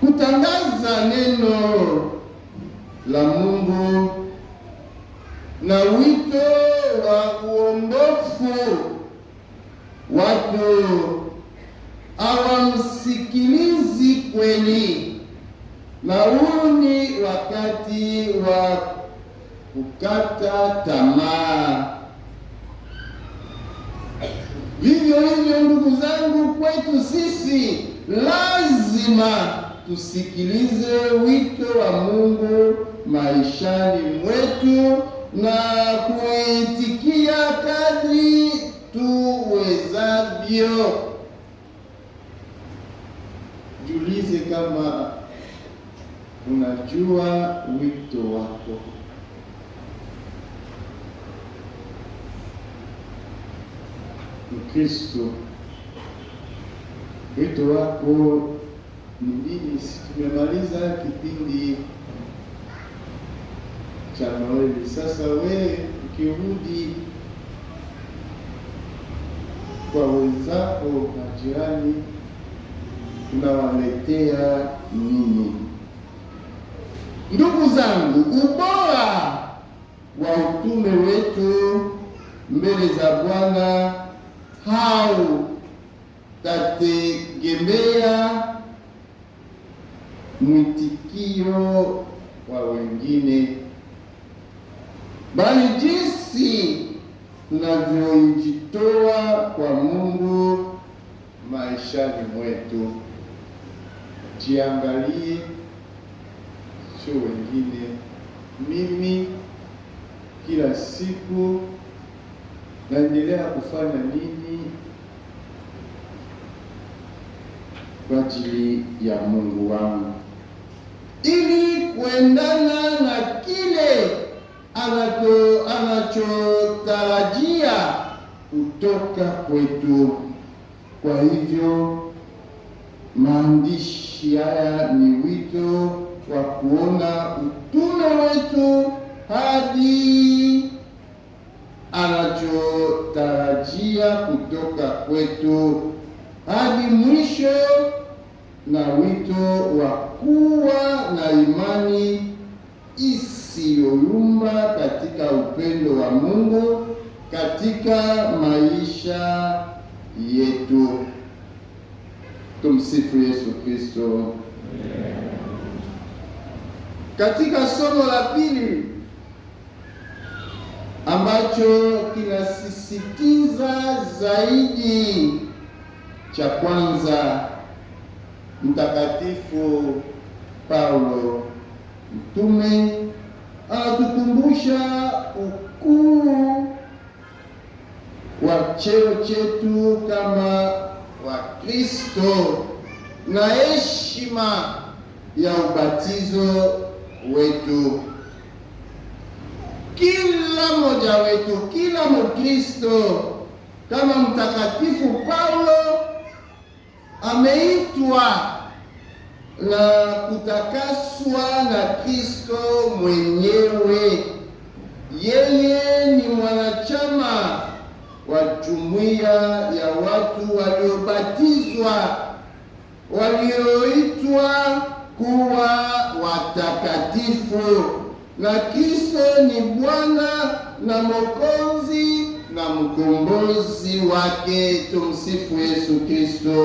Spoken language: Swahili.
kutangaza neno la Mungu na wito wa uongofu. Watu hawamsikilizi kweli, na huu ni wakati wa kukata tamaa. Vivyo hivyo, ndugu zangu, kwetu sisi lazima tusikilize wito wa Mungu maishani mwetu na kuitikia kadri tuwezavyo. Jiulize kama unajua wito wako. Mkristo, wito wako ni nini? Tumemaliza kipindi cha maombi. Sasa wewe ukirudi kwa wenzako na jirani, unawaletea nini? Ndugu zangu, ubora wa utume wetu mbele za Bwana hau tategemea mwitikio wa wengine, bali jinsi tunavyojitoa kwa Mungu maishani mwetu. Jiangalie, sio wengine. Mimi kila siku naendelea kufanya nini kwa ajili ya Mungu wangu? kuendana na kile anacho anachotarajia kutoka kwetu. Kwa hivyo maandishi haya ni wito wa kuona utume wetu hadi anachotarajia kutoka kwetu hadi mwisho na wito wa kuwa na imani isiyoyumba katika upendo wa Mungu katika maisha yetu. Tumsifu Yesu Kristo. Katika somo la pili ambacho kinasisitiza zaidi, cha kwanza Mtakatifu Paulo mtume anatukumbusha ukuu wa cheo chetu kama wa kristo na heshima ya ubatizo wetu. Kila mmoja wetu, kila Mkristo, kama Mtakatifu Paulo ameitwa na kutakaswa na Kristo mwenyewe. Yeye ni mwanachama wa jumuiya ya watu waliobatizwa walioitwa kuwa watakatifu, na Kristo ni Bwana na Mwokozi mkombozi wake. Tumsifu Yesu Kristo.